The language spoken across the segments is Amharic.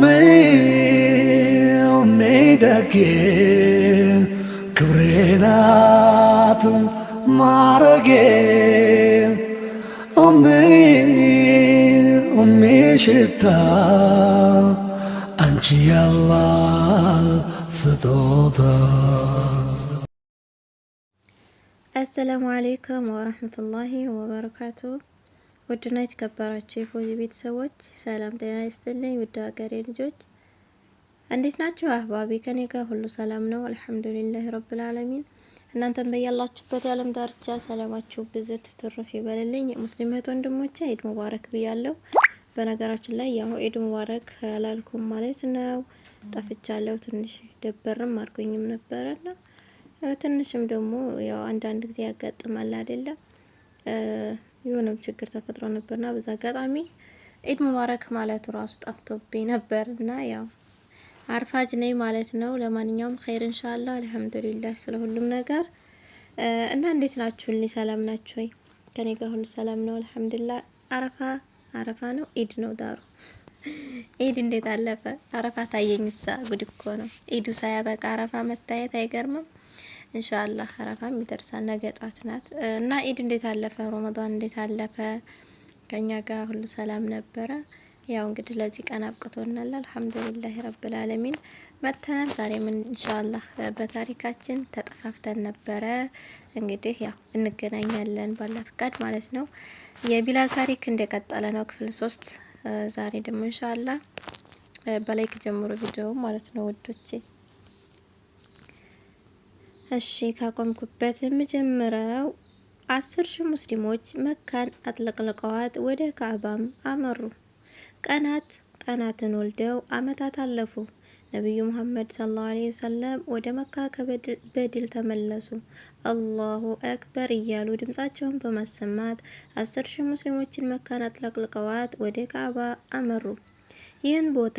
ሜሜደጌ ክብሬናት ማረጌ ሽታ አንቺ ያላል ስጦታ። አሰላሙ አሌይኩም ወረህመቱላሂ ወበረካቱሁ። ውድና የተከበራችሁ የፎዚ ቤተሰቦች ሰላም ጤና ይስጥልኝ። ውድ ሀገሬ ልጆች እንዴት ናችሁ? አህባቢ ከኔ ጋር ሁሉ ሰላም ነው አልሐምዱሊላህ ረብል አለሚን። እናንተም በያላችሁበት የዓለም ዳርቻ ሰላማችሁ ብዝት ትርፍ ይበልልኝ። ሙስሊም እህት ወንድሞቼ ኢድ ሙባረክ ብያለሁ። በነገራችን ላይ ያው ኢድ ሙባረክ አላልኩም ማለት ነው። ጠፍቻለሁ። ትንሽ ደበርም አድርጎኝም ነበረና ትንሽም ደግሞ ያው አንዳንድ ጊዜ ያጋጥማል አይደለም የሆነ ችግር ተፈጥሮ ነበርና በዛ አጋጣሚ ኢድ ሙባረክ ማለቱ ራሱ ጠፍቶብኝ ነበር እና ያው አርፋጅ ነኝ ማለት ነው። ለማንኛውም ኸይር እንሻላ አልሐምዱሊላህ ስለ ሁሉም ነገር እና እንዴት ልኝ ሰላም ናችሁ ወይ? ከኔ ጋር ሁሉ ሰላም ነው አልሐምዱሊላህ። አረፋ አረፋ ነው ኢድ ነው ዳሩ ኢድ እንዴት አለፈ? አረፋ ታየኝ ሳ ጉድ እኮ ነው ኢዱ ሳያበቃ አረፋ መታየት አይገርምም። ኢንሻአላህ አረፋም ይደርሳል ነገ ጧት ናት። እና ኢድ እንዴት አለፈ? ሮመዳን እንዴት አለፈ? ከኛ ጋር ሁሉ ሰላም ነበረ። ያው እንግዲህ ለዚህ ቀን አብቅቶናል። አልሐምዱሊላህ ረብል አለሚን መተናል። ዛሬም ኢንሻአላህ በታሪካችን ተጠፋፍተን ነበረ። እንግዲህ ያው እንገናኛለን ባላ ፍቃድ ማለት ነው። የቢላል ታሪክ እንደቀጠለ ነው ክፍል ሶስት ዛሬ ደግሞ ኢንሻአላህ በላይክ ጀምሮ ቪዲዮ ማለት ነው ውዶቼ እሺ ካቆምኩበት የምጀምረው አስር ሺህ ሙስሊሞች መካን አጥለቅልቀዋት ወደ ካዕባም አመሩ። ቀናት ቀናትን ወልደው አመታት አለፉ። ነቢዩ ሙሐመድ ሰለላሁ ዐለይሂ ወሰለም ወደ መካ በድል ተመለሱ። አላሁ አክበር እያሉ ድምጻቸውን በማሰማት አስር ሺህ ሙስሊሞችን መካን አጥለቅልቀዋት ወደ ካዕባ አመሩ። ይህን ቦታ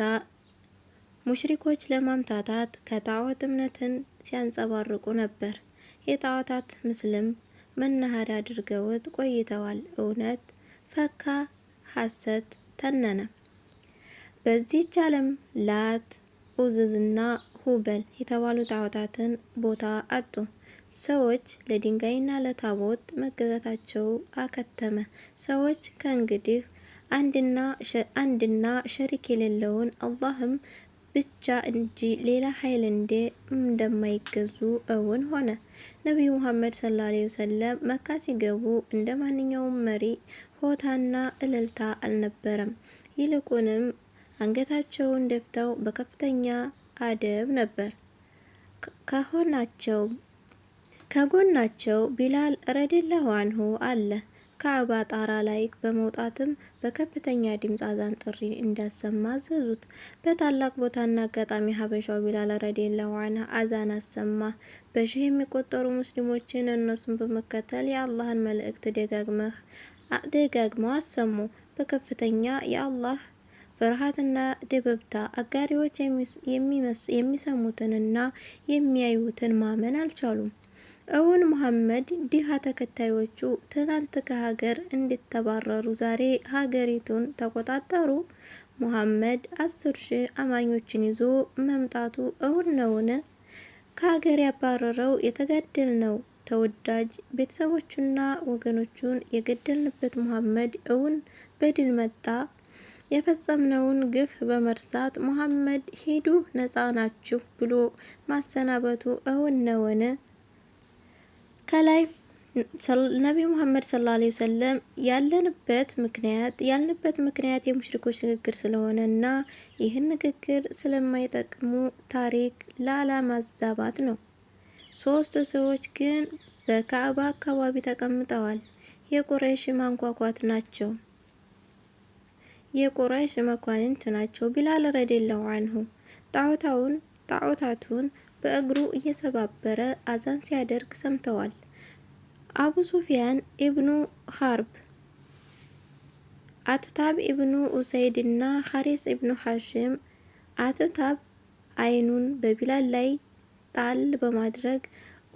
ሙሽሪኮች ለማምታታት ከጣዖት እምነትን ሲያንጸባርቁ ነበር። የጣዖታት ምስልም መናኸሪያ አድርገውት ቆይተዋል። እውነት ፈካ፣ ሐሰት ተነነ። በዚህች ዓለም ላት ኡዝዝና ሁበል የተባሉ ጣዖታትን ቦታ አጡ። ሰዎች ለድንጋይና ለታቦት መገዛታቸው አከተመ። ሰዎች ከእንግዲህ አንድና ሸሪክ የሌለውን አላህም ብቻ እንጂ ሌላ ኃይል እንዴ እንደማይገዙ እውን ሆነ። ነቢዩ ሙሐመድ ሰለላሁ ዐለይሂ ወሰለም መካ ሲገቡ እንደ ማንኛውም መሪ ሆታና እልልታ አልነበረም። ይልቁንም አንገታቸውን ደፍተው በከፍተኛ አደብ ነበር። ከሆናቸው ከጎናቸው ቢላል ረዲላሁ አንሁ አለ። ከአባ ጣራ ላይ በመውጣትም በከፍተኛ ድምፅ አዛን ጥሪ እንዲያሰማ አዘዙት። በታላቅ ቦታና አጋጣሚ ሀበሻው ቢላል ረዲየላሁ ዐንሁ አዛን አሰማ። በሺህ የሚቆጠሩ ሙስሊሞችን እነሱን በመከተል የአላህን መልእክት ደጋግመህ ደጋግመው አሰሙ። በከፍተኛ የአላህ ፍርሃትና ድብብታ አጋሪዎች የሚሰሙትንና የሚያዩትን ማመን አልቻሉም። እውን መሐመድ ዲሃ ተከታዮቹ ትናንት ከሀገር እንዲተባረሩ ዛሬ ሀገሪቱን ተቆጣጠሩ። መሐመድ አስር ሺህ አማኞችን ይዞ መምጣቱ እውን ነውን? ከሀገር ያባረረው የተጋደል ነው ተወዳጅ ቤተሰቦቹና ወገኖቹን የገደልንበት መሐመድ እውን በድል መጣ። የፈጸምነውን ግፍ በመርሳት መሐመድ ሂዱ ነፃ ናችሁ ብሎ ማሰናበቱ እውን ነውን? ከላይ ነቢ መሐመድ ሰለላሁ ዐለይሂ ወሰለም ያለንበት ምክንያት ያልንበት ምክንያት የሙሽሪኮች ንግግር ስለሆነ እና ይህን ንግግር ስለማይጠቅሙ ታሪክ ላለማዛባት ነው። ሶስት ሰዎች ግን በካዕባ አካባቢ ተቀምጠዋል። የቁረይሽ ማንኳኳት ናቸው። የቁረይሽ መኳንንት ናቸው። ቢላል ረዲየላሁ ጣዖታውን ጣዖታቱን በእግሩ እየሰባበረ አዛን ሲያደርግ ሰምተዋል። አቡ ሱፊያን ኢብኑ ሀርብ አትታብ ኢብኑ ኡሰይድ እና ሀሪስ ኢብኑ ሐሽም አትታብ አይኑን በቢላል ላይ ጣል በማድረግ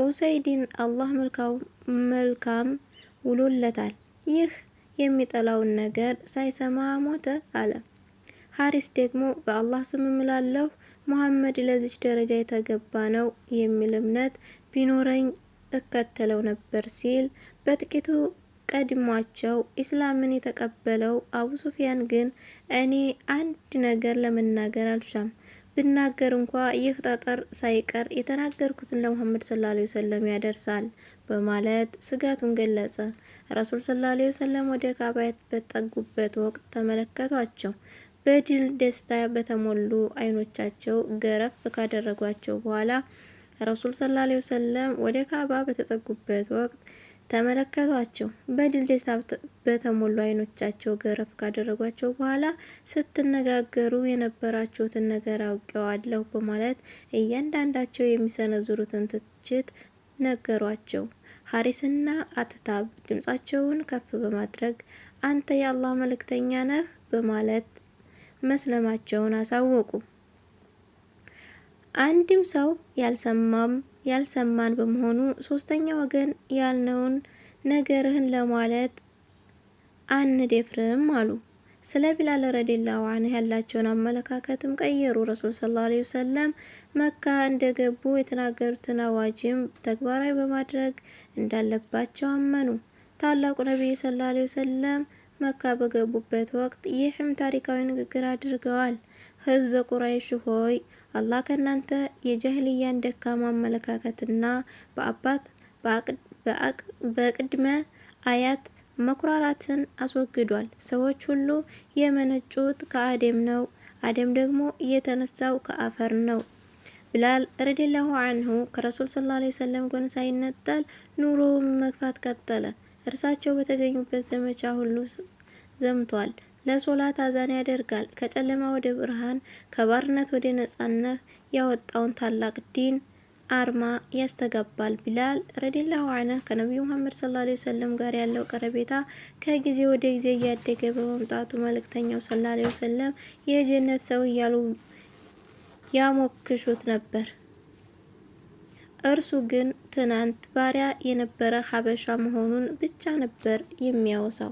ኡሰይድን አላህ መልካም ውሎለታል፣ ይህ የሚጠላውን ነገር ሳይሰማ ሞተ አለ። ሀሪስ ደግሞ በአላህ ስም እምላለሁ ሙሐመድ ለዚች ደረጃ የተገባ ነው የሚል እምነት ቢኖረኝ እከተለው ነበር ሲል በጥቂቱ ቀድሟቸው ኢስላምን የተቀበለው አቡ ሱፊያን ግን እኔ አንድ ነገር ለመናገር አልሻም ብናገር እንኳ ይህ ጠጠር ሳይቀር የተናገርኩትን ለሙሐመድ ሰለላሁ ዐለይሂ ወሰለም ያደርሳል በማለት ስጋቱን ገለጸ። ረሱል ሰለላሁ ዐለይሂ ወሰለም ወደ ካባ በጠጉበት ወቅት ተመለከቷቸው። በድል ደስታ በተሞሉ አይኖቻቸው ገረፍ ካደረጓቸው በኋላ ረሱል ሰለላሁ ዐለይሂ ወሰለም ወደ ካዕባ በተጠጉበት ወቅት ተመለከቷቸው። በድል ደስታ በተሞሉ አይኖቻቸው ገረፍ ካደረጓቸው በኋላ ስትነጋገሩ የነበራችሁትን ነገር አውቀዋለሁ በማለት እያንዳንዳቸው የሚሰነዝሩትን ትችት ነገሯቸው። ሀሪስና አትታብ ድምጻቸውን ከፍ በማድረግ አንተ የአላህ መልእክተኛ ነህ በማለት መስለማቸውን አሳወቁ። አንድም ሰው ያልሰማም ያልሰማን በመሆኑ ሶስተኛ ወገን ያልነውን ነገርህን ለማለት አንደፍርም አሉ። ስለ ቢላል ረዲላሁ ዐንሁ ያላቸውን አመለካከትም ቀየሩ። ረሱል ሰለላሁ ዐለይሂ ወሰለም መካ እንደገቡ የተናገሩትን አዋጅም ተግባራዊ በማድረግ እንዳለባቸው አመኑ። ታላቁ ነቢይ ሰለላሁ ዐለይሂ ወሰለም መካ በገቡበት ወቅት ይህም ታሪካዊ ንግግር አድርገዋል። ህዝብ ቁረይሽ ሆይ አላህ ከእናንተ የጀህልያን ደካማ አመለካከትና በአባት በቅድመ አያት መኩራራትን አስወግዷል። ሰዎች ሁሉ የመነጩት ከአደም ነው፣ አደም ደግሞ የተነሳው ከአፈር ነው። ብላል ረዲላሁ አንሁ ከረሱል ሰለላሁ ዐለይሂ ወሰለም ጎን ሳይነጠል ኑሮውን መግፋት ቀጠለ። እርሳቸው በተገኙበት ዘመቻ ሁሉ ዘምቷል። ለሶላት አዛን ያደርጋል። ከጨለማ ወደ ብርሃን፣ ከባርነት ወደ ነጻነት ያወጣውን ታላቅ ዲን አርማ ያስተጋባል። ቢላል ረዲላሁ አንሁ ከነቢዩ መሐመድ ሰለላሁ ዐለይሂ ወሰለም ጋር ያለው ቀረቤታ ከጊዜ ወደ ጊዜ እያደገ በመምጣቱ መልእክተኛው ሰለላሁ ዐለይሂ ወሰለም የጀነት ሰው እያሉ ያሞክሹት ነበር። እርሱ ግን ትናንት ባሪያ የነበረ ሀበሻ መሆኑን ብቻ ነበር የሚያወሳው።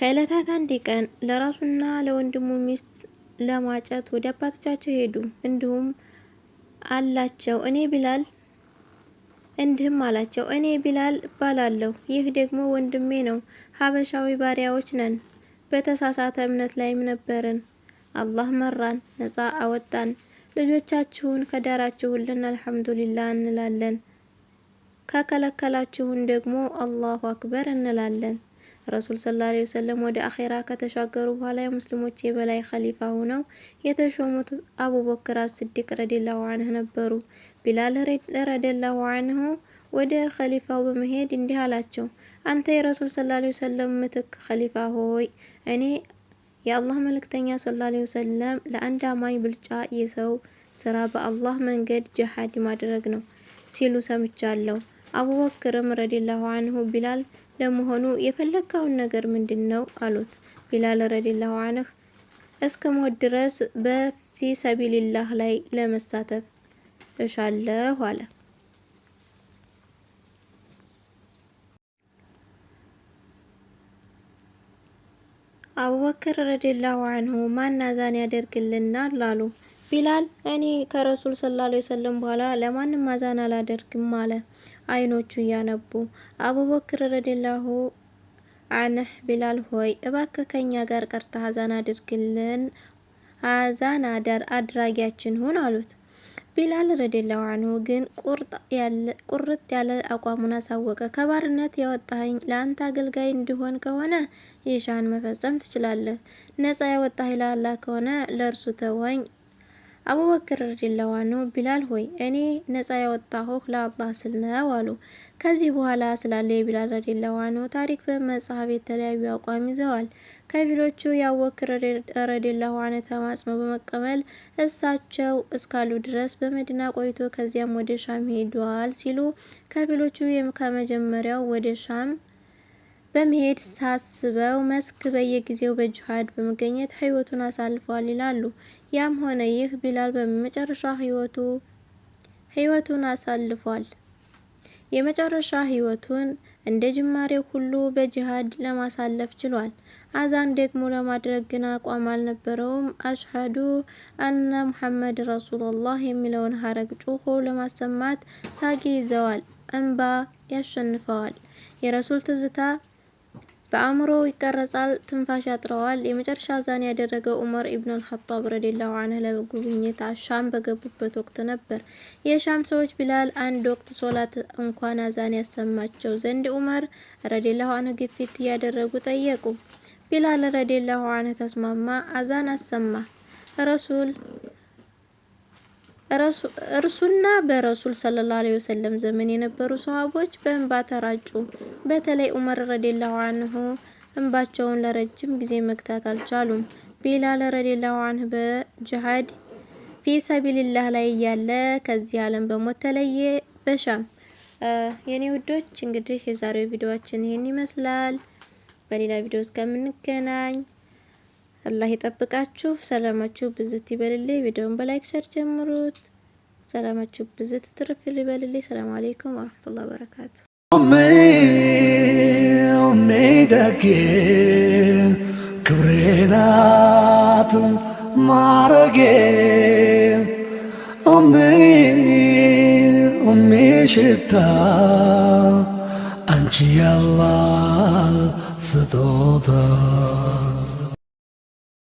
ከዕለታት አንድ ቀን ለራሱና ለወንድሙ ሚስት ለማጨት ወደ አባቶቻቸው ሄዱ። እንዲሁም አላቸው እኔ ቢላል እንዲህም አላቸው እኔ ቢላል እባላለሁ። ይህ ደግሞ ወንድሜ ነው። ሀበሻዊ ባሪያዎች ነን። በተሳሳተ እምነት ላይም ነበርን። አላህ መራን፣ ነጻ አወጣን። ልጆቻችሁን ከዳራችሁልን አልሐምዱሊላህ እንላለን። ካከለከላችሁን ደግሞ አላሁ አክበር እንላለን። ረሱል ሰለላሁ ዐለይሂ ወሰለም ወደ አኼራ ከተሻገሩ በኋላ የሙስሊሞች የበላይ ኸሊፋ ሆነው የተሾሙት አቡበክር አስዲቅ ረዲላሁ አንሁ ነበሩ። ቢላል ረዲላሁ አንሁ ወደ ኸሊፋው በመሄድ እንዲህ አላቸው፣ አንተ የረሱል ሰለላሁ ዐለይሂ ወሰለም ምትክ ኸሊፋ ሆይ እኔ የአላህ መልእክተኛ ሰለላሁ ዐለይሂ ወሰለም ለአንድ አማኝ ብልጫ የሰው ስራ በአላህ መንገድ ጅሃድ ማድረግ ነው ሲሉ ሰምቻለሁ። አቡበክርም ረዲላሁ አንሁ ቢላል ለመሆኑ የፈለግከውን ነገር ምንድን ነው አሉት። ቢላል ረዲላሁ አንህ እስከ ሞት ድረስ በፊ ሰቢልላህ ላይ ለመሳተፍ እሻለሁ አለ። አቡበክር ረዲላሁ አንሁ ማን አዛን ያደርግልናል አሉ። ቢላል እኔ ከረሱል ሰለላሁ ዐለይሂ ወሰለም በኋላ ለማንም አዛን አላደርግም አለ፣ አይኖቹ እያነቡ። አቡበክር ረዲላሁ አንህ ቢላል ሆይ እባክህ ከኛ ጋር ቀርታ አዛን አድርግልን፣ አዛን አድራጊያችን ሁን አሉት። ቢላል ረዲላሁ አንሁ ግን ቁርጥ ያለ አቋሙን አሳወቀ። ከባርነት ያወጣኸኝ ለአንተ አገልጋይ እንዲሆን ከሆነ ይሻን መፈጸም ትችላለህ። ነጻ ያወጣኸኝ ለአላህ ከሆነ ለእርሱ ተወኝ አቡበክር ረዲየላሁ ዐንሁ ቢላል ሆይ እኔ ነጻ ያወጣሁህ ለአላህ ስል ነው አሉ። ከዚህ በኋላ ስላለ የቢላል ረዲየላሁ ዐንሁ ታሪክ በመጽሐፍ የተለያዩ አቋም ይዘዋል። ከፊሎቹ የአቡበክር ረዲየላሁ ዐንሁ ተማጽኖ በመቀበል እሳቸው እስካሉ ድረስ በመዲና ቆይቶ ከዚያም ወደ ሻም ሄዷል ሲሉ፣ ከፊሎቹ ከመጀመሪያው ወደ ሻም በመሄድ ሳስበው መስክ በየጊዜው በጅሃድ በመገኘት ህይወቱን አሳልፏል ይላሉ። ያም ሆነ ይህ ቢላል በመጨረሻ ህይወቱ ህይወቱን አሳልፏል። የመጨረሻ ህይወቱን እንደ ጅማሬው ሁሉ በጅሃድ ለማሳለፍ ችሏል። አዛን ደግሞ ለማድረግ ግን አቋም አልነበረውም። አሽሀዱ አነ ሙሐመድ ረሱሉላህ የሚለውን ሀረግ ጩሆ ለማሰማት ሳጊ ይዘዋል። እንባ ያሸንፈዋል። የረሱል ትዝታ በአእምሮ ይቀረጻል፣ ትንፋሽ ያጥረዋል። የመጨረሻ አዛን ያደረገው ዑመር ኢብን አልኸጣብ ረዲላሁ አንህ ለጉብኝት ሻም በገቡበት ወቅት ነበር። የሻም ሰዎች ቢላል አንድ ወቅት ሶላት እንኳን አዛን ያሰማቸው ዘንድ ዑመር ረዲላሁ አንህ ግፊት እያደረጉ ጠየቁ። ቢላል ረዲላሁ አንህ ተስማማ፣ አዛን አሰማ። ረሱል እርሱና በረሱል ሰለላሁ ዐለይሂ ወሰለም ዘመን የነበሩ ሰሃቦች በእንባ ተራጩ። በተለይ ዑመር ረዲየላሁ ዐንሁ እንባቸውን ለረጅም ጊዜ መግታት አልቻሉም። ቢላል ረዲየላሁ ዐንሁ በጅሃድ ፊ ሰቢልላህ ላይ እያለ ከዚህ ዓለም በሞት ተለየ። በሻም የኔ ውዶች እንግዲህ የዛሬው ቪዲዮአችን ይህን ይመስላል። በሌላ ቪዲዮ እስከምንገናኝ አላህ ይጠብቃችሁ። ሰላማችሁ ብዝት ይበልልኝ። ቪዲዮውን በላይክ ሸር ጀምሩት። ሰላማችሁ ብዝት ትርፍ ይበልልኝ። ሰላም አለይኩም ወራህመቱላሂ ወበረካቱ። ሜዳጌ ክብሬ ናት ማረጌ ኦሜ ኦሜ ሽታ አንቺ ያላ ስጦታ